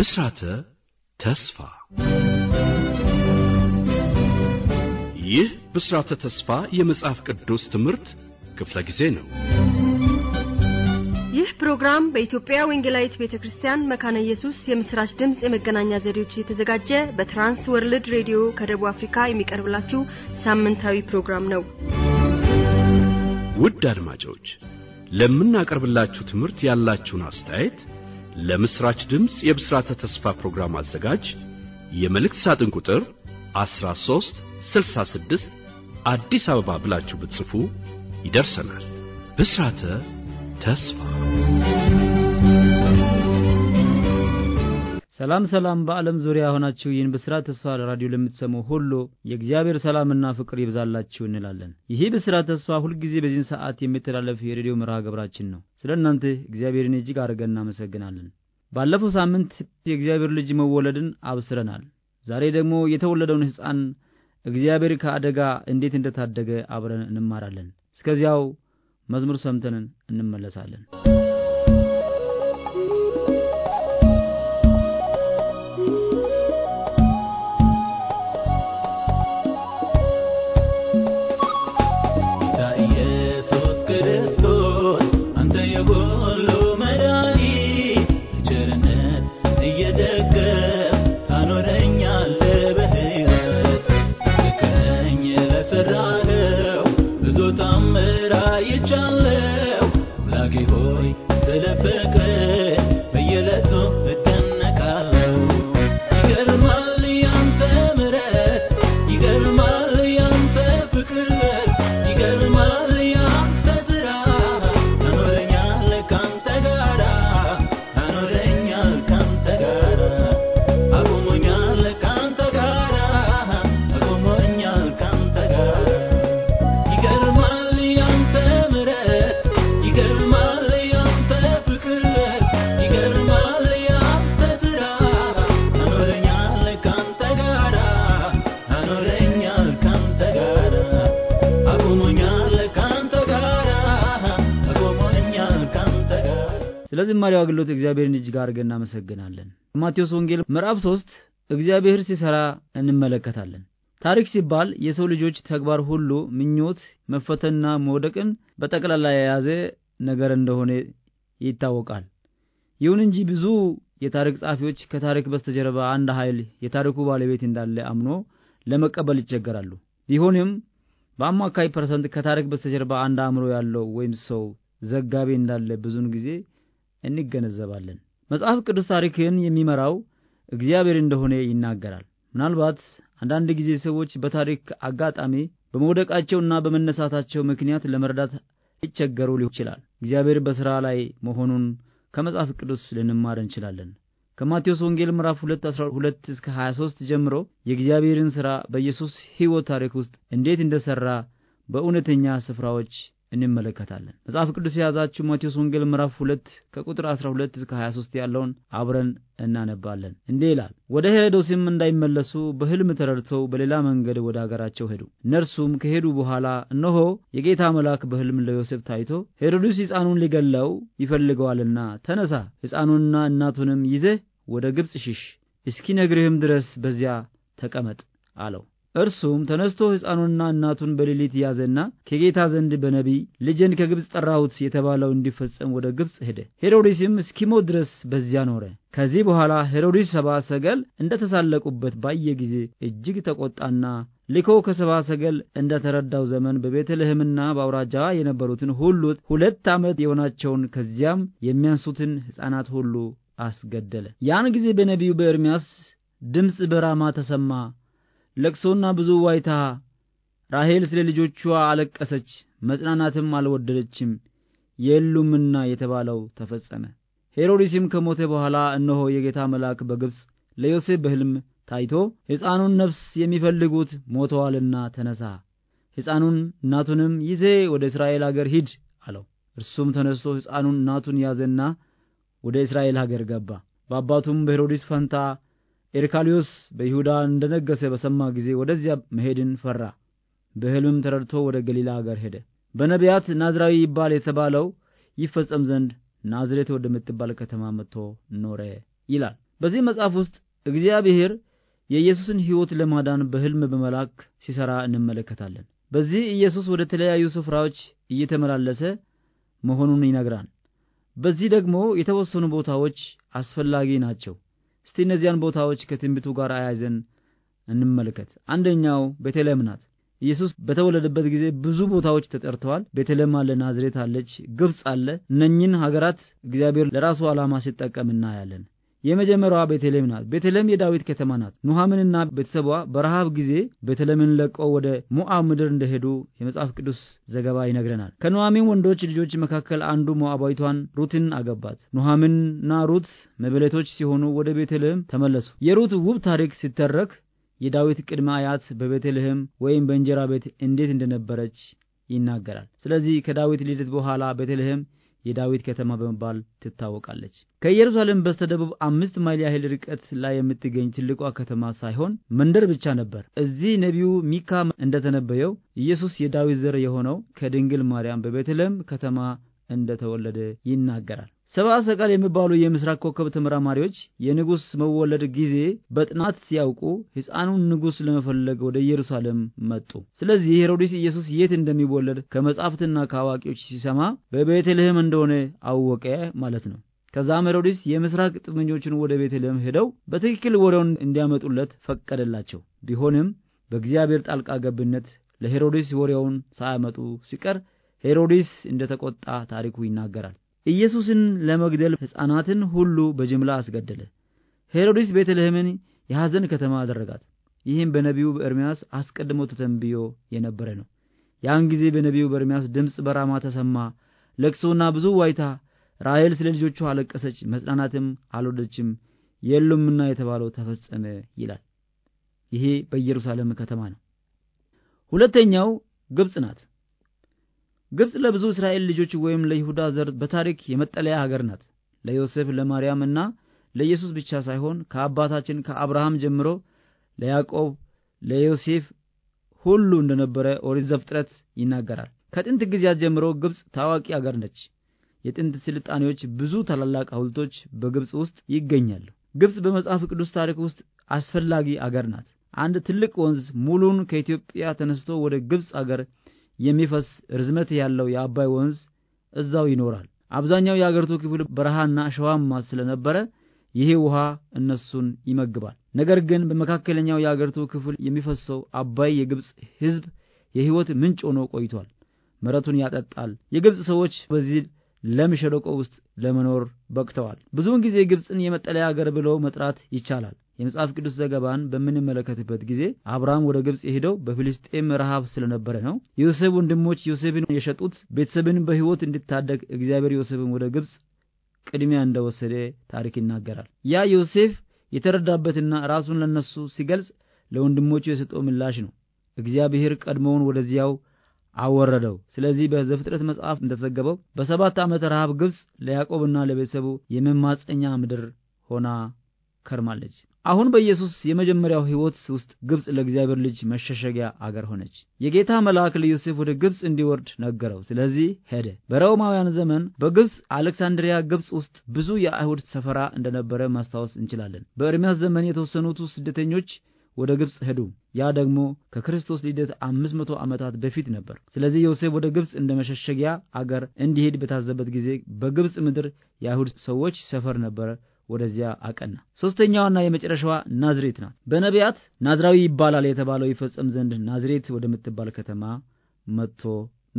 ብስራተ ተስፋ ይህ ብስራተ ተስፋ የመጽሐፍ ቅዱስ ትምህርት ክፍለ ጊዜ ነው። ይህ ፕሮግራም በኢትዮጵያ ወንጌላዊት ቤተ ክርስቲያን መካነ ኢየሱስ የምስራች ድምፅ የመገናኛ ዘዴዎች የተዘጋጀ በትራንስ ወርልድ ሬዲዮ ከደቡብ አፍሪካ የሚቀርብላችሁ ሳምንታዊ ፕሮግራም ነው። ውድ አድማጮች ለምናቀርብላችሁ ትምህርት ያላችሁን አስተያየት ለምስራች ድምፅ የብስራተ ተስፋ ፕሮግራም አዘጋጅ የመልእክት ሳጥን ቁጥር 13 66 አዲስ አበባ ብላችሁ ብትጽፉ ይደርሰናል። ብስራተ ተስፋ ሰላም ሰላም በዓለም ዙሪያ ሆናችሁ ይህን ብስራት ተስፋ ራዲዮ ለምትሰሙ ሁሉ የእግዚአብሔር ሰላምና ፍቅር ይብዛላችሁ እንላለን። ይህ ብስራት ተስፋ ሁልጊዜ በዚህን ሰዓት የሚተላለፍ የሬዲዮ መርሃ ገብራችን ነው። ስለ እናንተ እግዚአብሔርን እጅግ አድርገን እናመሰግናለን። ባለፈው ሳምንት የእግዚአብሔር ልጅ መወለድን አብስረናል። ዛሬ ደግሞ የተወለደውን ሕፃን እግዚአብሔር ከአደጋ እንዴት እንደታደገ አብረን እንማራለን። እስከዚያው መዝሙር ሰምተን እንመለሳለን። በዝማሬው አገልግሎት እግዚአብሔርን እጅግ አድርገን እናመሰግናለን። ማቴዎስ ወንጌል ምዕራፍ 3 እግዚአብሔር ሲሰራ እንመለከታለን። ታሪክ ሲባል የሰው ልጆች ተግባር ሁሉ ምኞት፣ መፈተንና መውደቅን በጠቅላላ የያዘ ነገር እንደሆነ ይታወቃል። ይሁን እንጂ ብዙ የታሪክ ጸሐፊዎች ከታሪክ በስተጀርባ አንድ ኃይል የታሪኩ ባለቤት እንዳለ አምኖ ለመቀበል ይቸገራሉ። ቢሆንም በአማካይ ፐርሰንት ከታሪክ በስተጀርባ አንድ አእምሮ ያለው ወይም ሰው ዘጋቢ እንዳለ ብዙውን ጊዜ እንገነዘባለን። መጽሐፍ ቅዱስ ታሪክን የሚመራው እግዚአብሔር እንደሆነ ይናገራል። ምናልባት አንዳንድ ጊዜ ሰዎች በታሪክ አጋጣሚ በመውደቃቸውና በመነሳታቸው ምክንያት ለመረዳት ይቸገሩ ሊሆን ይችላል። እግዚአብሔር በሥራ ላይ መሆኑን ከመጽሐፍ ቅዱስ ልንማር እንችላለን። ከማቴዎስ ወንጌል ምዕራፍ 2 12 እስከ 23 ጀምሮ የእግዚአብሔርን ሥራ በኢየሱስ ሕይወት ታሪክ ውስጥ እንዴት ሠራ በእውነተኛ ስፍራዎች እንመለከታለን። መጽሐፍ ቅዱስ የያዛችሁ ማቴዎስ ወንጌል ምዕራፍ 2 ከቁጥር 12 እስከ 23 ያለውን አብረን እናነባለን። እንዲህ ይላል፣ ወደ ሄሮድስም እንዳይመለሱ በሕልም ተረድተው በሌላ መንገድ ወደ አገራቸው ሄዱ። እነርሱም ከሄዱ በኋላ እነሆ የጌታ መልአክ በሕልም ለዮሴፍ ታይቶ ሄሮድስ ሕፃኑን ሊገለው ይፈልገዋልና ተነሳ፣ ሕፃኑንና እናቱንም ይዘህ ወደ ግብፅ ሽሽ፣ እስኪነግርህም ድረስ በዚያ ተቀመጥ አለው። እርሱም ተነስቶ ሕፃኑንና እናቱን በሌሊት ያዘና ከጌታ ዘንድ በነቢይ ልጄን ከግብፅ ጠራሁት የተባለው እንዲፈጸም ወደ ግብፅ ሄደ። ሄሮድስም እስኪሞት ድረስ በዚያ ኖረ። ከዚህ በኋላ ሄሮድስ ሰባ ሰገል እንደተሳለቁበት ባየ ጊዜ እጅግ ተቆጣና ልኮ ከሰባ ሰገል እንደተረዳው ዘመን በቤተልሔምና በአውራጃ የነበሩትን ሁሉ ሁለት ዓመት የሆናቸውን ከዚያም የሚያንሱትን ሕፃናት ሁሉ አስገደለ። ያን ጊዜ በነቢዩ በኤርምያስ ድምፅ በራማ ተሰማ ለቅሶና ብዙ ዋይታ ራሔል ስለ ልጆቿ አለቀሰች፣ መጽናናትም አልወደደችም። የሉምና የተባለው ተፈጸመ። ሄሮድስም ከሞተ በኋላ እነሆ የጌታ መልአክ በግብፅ ለዮሴፍ በሕልም ታይቶ ሕፃኑን ነፍስ የሚፈልጉት ሞተዋልና ተነሳ፣ ሕፃኑን እናቱንም ይዜ ወደ እስራኤል አገር ሂድ አለው። እርሱም ተነሥቶ ሕፃኑን እናቱን ያዘና ወደ እስራኤል አገር ገባ። በአባቱም በሄሮድስ ፈንታ ኤርካሊዮስ በይሁዳ እንደነገሰ በሰማ ጊዜ ወደዚያ መሄድን ፈራ። በሕልምም ተረድቶ ወደ ገሊላ አገር ሄደ። በነቢያት ናዝራዊ ይባል የተባለው ይፈጸም ዘንድ ናዝሬት ወደምትባል ከተማ መጥቶ ኖረ ይላል። በዚህ መጽሐፍ ውስጥ እግዚአብሔር የኢየሱስን ሕይወት ለማዳን በሕልም በመላክ ሲሰራ እንመለከታለን። በዚህ ኢየሱስ ወደ ተለያዩ ስፍራዎች እየተመላለሰ መሆኑን ይነግራል። በዚህ ደግሞ የተወሰኑ ቦታዎች አስፈላጊ ናቸው። እስቲ እነዚያን ቦታዎች ከትንቢቱ ጋር አያይዘን እንመልከት። አንደኛው ቤተልሔም ናት። ኢየሱስ በተወለደበት ጊዜ ብዙ ቦታዎች ተጠርተዋል። ቤተልሔም አለ፣ ናዝሬት አለች፣ ግብፅ አለ። እነኝን ሀገራት እግዚአብሔር ለራሱ ዓላማ ሲጠቀም እናያለን። የመጀመሪያዋ ቤተልሔም ናት። ቤተልሔም የዳዊት ከተማ ናት። ኑሐምንና ቤተሰቧ በረሃብ ጊዜ ቤተልሔምን ለቀው ወደ ሞዓብ ምድር እንደሄዱ የመጽሐፍ ቅዱስ ዘገባ ይነግረናል። ከኑሐሚን ወንዶች ልጆች መካከል አንዱ ሞዓባዊቷን ሩትን አገባት። ኑሐምንና ሩት መበለቶች ሲሆኑ ወደ ቤተልሔም ተመለሱ። የሩት ውብ ታሪክ ሲተረክ የዳዊት ቅድመ አያት በቤተልሔም ወይም በእንጀራ ቤት እንዴት እንደነበረች ይናገራል። ስለዚህ ከዳዊት ልደት በኋላ ቤተልሔም የዳዊት ከተማ በመባል ትታወቃለች። ከኢየሩሳሌም በስተደቡብ አምስት ማይል ያህል ርቀት ላይ የምትገኝ ትልቋ ከተማ ሳይሆን መንደር ብቻ ነበር። እዚህ ነቢዩ ሚካ እንደተነበየው ኢየሱስ የዳዊት ዘር የሆነው ከድንግል ማርያም በቤተልሔም ከተማ እንደተወለደ ይናገራል። ሰብአ ሰቀል የሚባሉ የምስራቅ ኮከብ ተመራማሪዎች የንጉሥ መወለድ ጊዜ በጥናት ሲያውቁ ሕፃኑን ንጉሥ ለመፈለግ ወደ ኢየሩሳሌም መጡ። ስለዚህ ሄሮድስ ኢየሱስ የት እንደሚወለድ ከመጻሕፍትና ከአዋቂዎች ሲሰማ በቤተልሔም እንደሆነ አወቀ ማለት ነው። ከዛም ሄሮድስ የምስራቅ ጥበኞቹን ወደ ቤተልሔም ሄደው በትክክል ወሬውን እንዲያመጡለት ፈቀደላቸው። ቢሆንም በእግዚአብሔር ጣልቃ ገብነት ለሄሮድስ ወሬውን ሳያመጡ ሲቀር ሄሮድስ እንደተቆጣ ታሪኩ ይናገራል። ኢየሱስን ለመግደል ሕፃናትን ሁሉ በጅምላ አስገደለ። ሄሮድስ ቤተልሔምን የሐዘን ከተማ አደረጋት። ይህም በነቢዩ በኤርምያስ አስቀድሞ ተተንብዮ የነበረ ነው። ያን ጊዜ በነቢዩ በኤርምያስ ድምፅ በራማ ተሰማ፣ ለቅሶና ብዙ ዋይታ። ራሔል ስለ ልጆቹ አለቀሰች፣ መጽናናትም አልወደችም የሉምና የተባለው ተፈጸመ ይላል። ይሄ በኢየሩሳሌም ከተማ ነው። ሁለተኛው ግብጽ ናት። ግብፅ ለብዙ እስራኤል ልጆች ወይም ለይሁዳ ዘር በታሪክ የመጠለያ ሀገር ናት። ለዮሴፍ ለማርያም እና ለኢየሱስ ብቻ ሳይሆን ከአባታችን ከአብርሃም ጀምሮ ለያዕቆብ፣ ለዮሴፍ ሁሉ እንደነበረ ኦሪት ዘፍጥረት ይናገራል። ከጥንት ጊዜያት ጀምሮ ግብፅ ታዋቂ ሀገር ነች። የጥንት ስልጣኔዎች፣ ብዙ ታላላቅ ሐውልቶች በግብፅ ውስጥ ይገኛሉ። ግብፅ በመጽሐፍ ቅዱስ ታሪክ ውስጥ አስፈላጊ አገር ናት። አንድ ትልቅ ወንዝ ሙሉን ከኢትዮጵያ ተነስቶ ወደ ግብፅ አገር የሚፈስ ርዝመት ያለው የአባይ ወንዝ እዛው ይኖራል። አብዛኛው የአገሪቱ ክፍል በረሃና ሸዋማ ስለነበረ ይሄ ውሃ እነሱን ይመግባል። ነገር ግን በመካከለኛው የአገሪቱ ክፍል የሚፈሰው አባይ የግብፅ ሕዝብ የሕይወት ምንጭ ሆኖ ቆይቷል። መሬቱን ያጠጣል። የግብፅ ሰዎች በዚህ ለም ሸለቆ ውስጥ ለመኖር በቅተዋል። ብዙውን ጊዜ ግብፅን የመጠለያ አገር ብሎ መጥራት ይቻላል። የመጽሐፍ ቅዱስ ዘገባን በምንመለከትበት ጊዜ አብርሃም ወደ ግብፅ የሄደው በፊልስጤም ረሃብ ስለነበረ ነው። ዮሴፍ ወንድሞች ዮሴፍን የሸጡት ቤተሰብን በሕይወት እንዲታደግ እግዚአብሔር ዮሴፍን ወደ ግብፅ ቅድሚያ እንደወሰደ ታሪክ ይናገራል። ያ ዮሴፍ የተረዳበትና ራሱን ለነሱ ሲገልጽ ለወንድሞቹ የሰጠው ምላሽ ነው። እግዚአብሔር ቀድሞውን ወደዚያው አወረደው። ስለዚህ በዘፍጥረት መጽሐፍ እንደተዘገበው በሰባት ዓመት ረሃብ ግብፅ ለያዕቆብና ለቤተሰቡ የመማፀኛ ምድር ሆና ከርማለች። አሁን በኢየሱስ የመጀመሪያው ሕይወት ውስጥ ግብፅ ለእግዚአብሔር ልጅ መሸሸጊያ አገር ሆነች። የጌታ መልአክ ለዮሴፍ ወደ ግብፅ እንዲወርድ ነገረው። ስለዚህ ሄደ። በሮማውያን ዘመን በግብፅ አሌክሳንድሪያ ግብፅ ውስጥ ብዙ የአይሁድ ሰፈራ እንደነበረ ማስታወስ እንችላለን። በኤርምያስ ዘመን የተወሰኑት ስደተኞች ወደ ግብፅ ሄዱ። ያ ደግሞ ከክርስቶስ ልደት አምስት መቶ ዓመታት በፊት ነበር። ስለዚህ ዮሴፍ ወደ ግብፅ እንደ መሸሸጊያ አገር እንዲሄድ በታዘበት ጊዜ በግብፅ ምድር የአይሁድ ሰዎች ሰፈር ነበረ ወደዚያ አቀና። ሶስተኛዋና የመጨረሻዋ ናዝሬት ናት። በነቢያት ናዝራዊ ይባላል የተባለው ይፈጸም ዘንድ ናዝሬት ወደምትባል ከተማ መጥቶ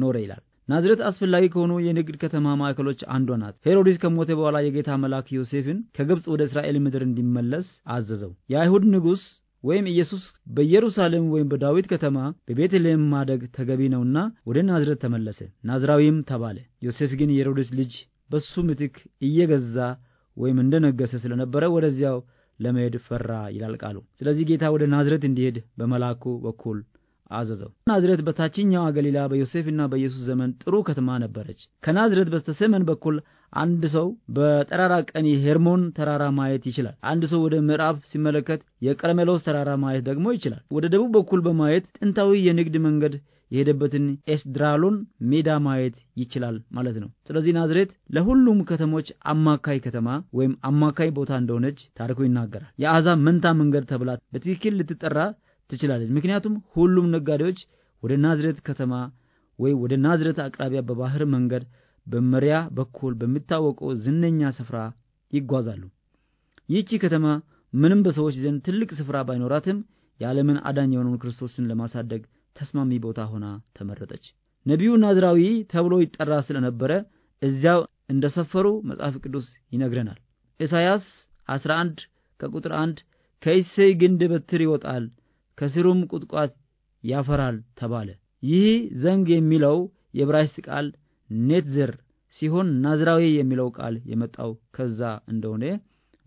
ኖረ ይላል። ናዝሬት አስፈላጊ ከሆኑ የንግድ ከተማ ማዕከሎች አንዷ ናት። ሄሮድስ ከሞተ በኋላ የጌታ መልአክ ዮሴፍን ከግብፅ ወደ እስራኤል ምድር እንዲመለስ አዘዘው። የአይሁድ ንጉሥ ወይም ኢየሱስ በኢየሩሳሌም ወይም በዳዊት ከተማ በቤተልሔም ማደግ ተገቢ ነውና ወደ ናዝሬት ተመለሰ፣ ናዝራዊም ተባለ። ዮሴፍ ግን የሄሮድስ ልጅ በሱ ምትክ እየገዛ ወይም እንደነገሰ ስለነበረ ወደዚያው ለመሄድ ፈራ ይላል ቃሉ። ስለዚህ ጌታ ወደ ናዝረት እንዲሄድ በመላኩ በኩል አዘዘው። ናዝረት በታችኛዋ ገሊላ በዮሴፍና በኢየሱስ ዘመን ጥሩ ከተማ ነበረች። ከናዝረት በስተሰሜን በኩል አንድ ሰው በጠራራ ቀን የሄርሞን ተራራ ማየት ይችላል። አንድ ሰው ወደ ምዕራብ ሲመለከት የቀርሜሎስ ተራራ ማየት ደግሞ ይችላል። ወደ ደቡብ በኩል በማየት ጥንታዊ የንግድ መንገድ የሄደበትን ኤስድራሎን ሜዳ ማየት ይችላል ማለት ነው። ስለዚህ ናዝሬት ለሁሉም ከተሞች አማካይ ከተማ ወይም አማካይ ቦታ እንደሆነች ታሪኩ ይናገራል። የአሕዛብ መንታ መንገድ ተብላ በትክክል ልትጠራ ትችላለች። ምክንያቱም ሁሉም ነጋዴዎች ወደ ናዝሬት ከተማ ወይ ወደ ናዝሬት አቅራቢያ በባህር መንገድ በመሪያ በኩል በሚታወቀው ዝነኛ ስፍራ ይጓዛሉ። ይህቺ ከተማ ምንም በሰዎች ዘንድ ትልቅ ስፍራ ባይኖራትም የዓለምን አዳኝ የሆነውን ክርስቶስን ለማሳደግ ተስማሚ ቦታ ሆና ተመረጠች። ነቢዩ ናዝራዊ ተብሎ ይጠራ ስለነበረ እዚያው እንደሰፈሩ መጽሐፍ ቅዱስ ይነግረናል። ኢሳይያስ 11 ከቁጥር 1 ከእሴይ ግንድ በትር ይወጣል ከስሩም ቁጥቋጥ ያፈራል ተባለ። ይህ ዘንግ የሚለው የዕብራይስጥ ቃል ኔትዘር ሲሆን ናዝራዊ የሚለው ቃል የመጣው ከዛ እንደሆነ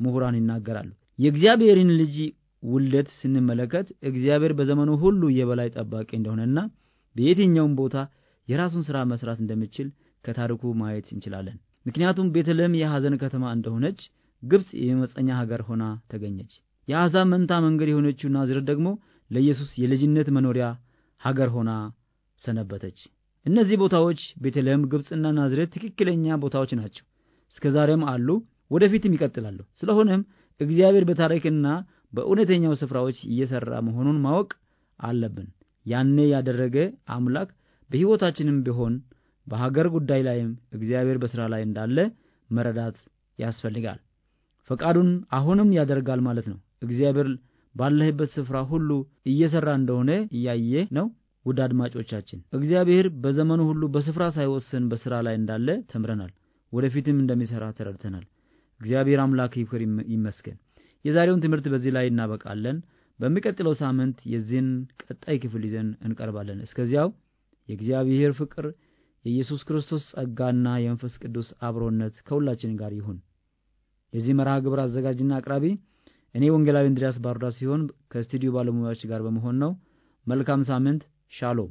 ምሁራን ይናገራሉ። የእግዚአብሔርን ልጅ ውልደት ስንመለከት እግዚአብሔር በዘመኑ ሁሉ የበላይ ጠባቂ እንደሆነና በየትኛውም ቦታ የራሱን ሥራ መስራት እንደሚችል ከታሪኩ ማየት እንችላለን። ምክንያቱም ቤተልሔም የሐዘን ከተማ እንደሆነች ግብፅ የመጸኛ ሀገር ሆና ተገኘች። የአሕዛብ መንታ መንገድ የሆነችው ናዝሬት ደግሞ ለኢየሱስ የልጅነት መኖሪያ ሀገር ሆና ሰነበተች። እነዚህ ቦታዎች ቤተልሔም፣ ግብፅና ናዝሬት ትክክለኛ ቦታዎች ናቸው። እስከ ዛሬም አሉ፣ ወደፊትም ይቀጥላሉ። ስለሆነም እግዚአብሔር በታሪክና በእውነተኛው ስፍራዎች እየሰራ መሆኑን ማወቅ አለብን። ያኔ ያደረገ አምላክ በሕይወታችንም ቢሆን በሀገር ጉዳይ ላይም እግዚአብሔር በሥራ ላይ እንዳለ መረዳት ያስፈልጋል። ፈቃዱን አሁንም ያደርጋል ማለት ነው። እግዚአብሔር ባለህበት ስፍራ ሁሉ እየሰራ እንደሆነ እያየ ነው። ውድ አድማጮቻችን እግዚአብሔር በዘመኑ ሁሉ በስፍራ ሳይወስን በሥራ ላይ እንዳለ ተምረናል። ወደፊትም እንደሚሠራ ተረድተናል። እግዚአብሔር አምላክ ይመስገን። የዛሬውን ትምህርት በዚህ ላይ እናበቃለን። በሚቀጥለው ሳምንት የዚህን ቀጣይ ክፍል ይዘን እንቀርባለን። እስከዚያው የእግዚአብሔር ፍቅር የኢየሱስ ክርስቶስ ጸጋና የመንፈስ ቅዱስ አብሮነት ከሁላችን ጋር ይሁን። የዚህ መርሃ ግብር አዘጋጅና አቅራቢ እኔ ወንጌላዊ እንድሪያስ ባርዳ ሲሆን ከስቱዲዮ ባለሙያዎች ጋር በመሆን ነው። መልካም ሳምንት። ሻሎም